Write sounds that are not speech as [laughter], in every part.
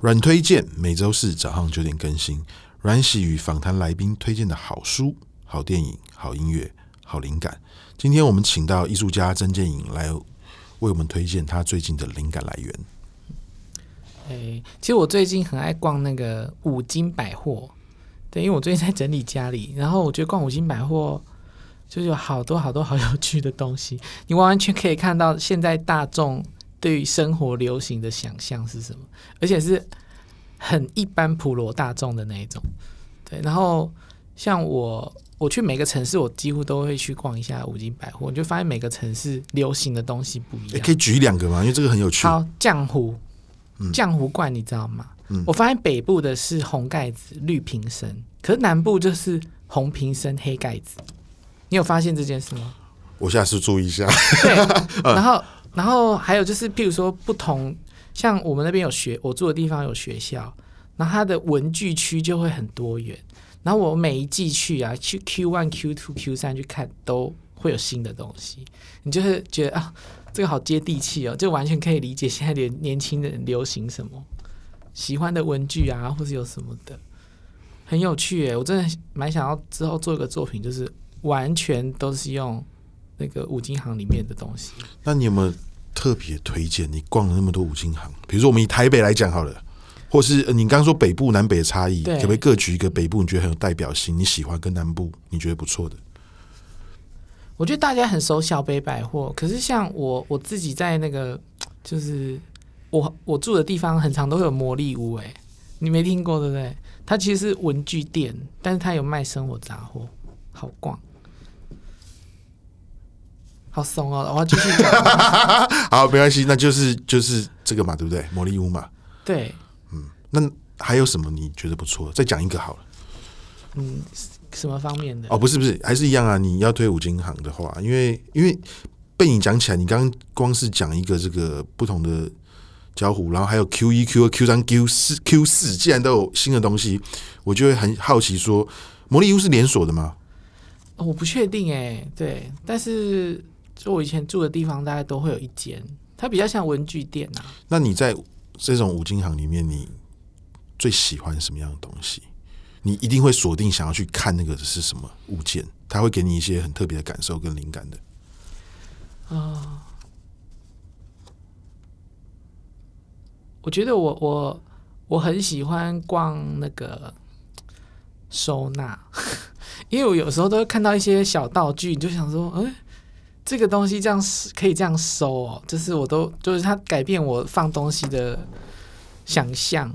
阮推薦每週四早上九點更新。阮璽與訪談來賓推薦的好書、好電影、好音樂、好靈感。今天我們請到藝術家曾建穎來為我們推薦他最近的靈感來源。其實我最近很愛逛那個五金百貨，對，因為我最近在整理家裡，然後我覺得逛五金百貨就是有好多好多好有趣的東西，你完完全可以看到現在大眾對於生活流行的想象是什麼，而且是很一般普羅大眾的那一種。對，然後像我，我去每個城市，我幾乎都會去逛一下五金百貨，你就發現每個城市流行的東西不一樣。可以舉兩個嗎？因為這個很有趣。好，漿糊。漿糊罐你知道嗎？嗯嗯？我發現北部的是紅蓋子、綠瓶身，可是南部就是紅瓶身、黑蓋子。你有發現這件事嗎？我下次注意一下。 [laughs] 對，然後、嗯、然後還有就是，譬如說不同，像我們那邊有學，我住的地方有學校，然後它的文具區就會很多元。然後我每一季去啊，去 Q one、Q two、Q three 去看都。會有新的東西，你就是覺得啊，這個好接地氣哦，就完全可以理解現在年年輕人流行什麼，喜歡的文具啊，或是有什麼的，很有趣耶，我真的蠻想要之後做一個作品，就是完全都是用那個五金行裡面的東西。那你有沒有特別推薦？你逛了那麼多五金行，比如說我們以台北來講好了，或是你剛剛說北部南北的差異，可不可以各舉一個北部你覺得很有代表性，你喜歡跟南部你覺得不錯的？我覺得大家很熟小北百貨，可是像我我自己在那個，就是我我住的地方，很常都會有魔力屋哎、欸，你沒聽過對不對？它其實是文具店，但是它有賣生活雜貨，好逛，好慫哦、喔！我要繼續講， [laughs] 好，沒關係，那就是就是這個嘛，對不對？魔力屋嘛，對，嗯，那還有什麼你覺得不錯？再講一個好了，嗯。什麼方面的？哦，不是不是，還是一樣啊，你要推五金行的話，因為因為被你講起來，你剛剛光是講一個這個不同的交互，然後還有 Q 一 Q 二 Q 三 Q 四 Q 四，既然都有新的東西，我就會很好奇說，魔力屋是連鎖的嗎？哦、我不確定哎、欸，對，但是就我以前住的地方，大概都會有一間，它比較像文具店啊。那你在這種五金行裡面，你最喜歡什麼樣的東西？你一定會鎖定想要去看那個是什麼物件，它會給你一些很特別的感受跟靈感的。啊、呃。我覺得我我我很喜歡逛那個收納， [laughs] 因為我有時候都會看到一些小道具，你就想說，哎、欸，這個東西這樣是可以這樣收哦？就是我都就是它改變我放東西的想象。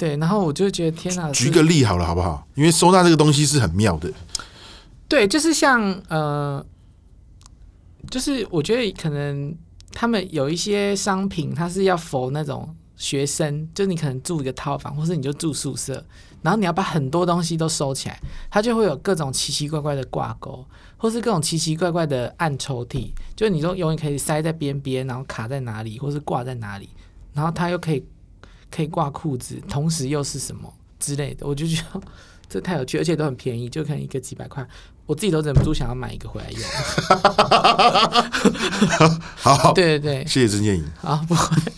對，然後我就覺得天啊！舉個例好了，好不好？因為收納這個東西是很妙的。對，就是像呃，就是我覺得可能他們有一些商品，它是要 for 那種學生，就你可能住一個套房，或是你就住宿舍，然後你要把很多東西都收起來，它就會有各種奇奇怪怪的掛鈎，或是各種奇奇怪怪的暗抽屜，就你都永遠可以塞在邊邊，然後卡在哪裡，或是掛在哪裡，然後它又可以。可以掛褲子，同時又是什麼之類的，我就覺得這太有趣，而且都很便宜，就可能一個幾百塊，我自己都忍不住想要買一個回來用。 [laughs] 好，好， [laughs] 對對對，謝謝曾建穎。啊，不會。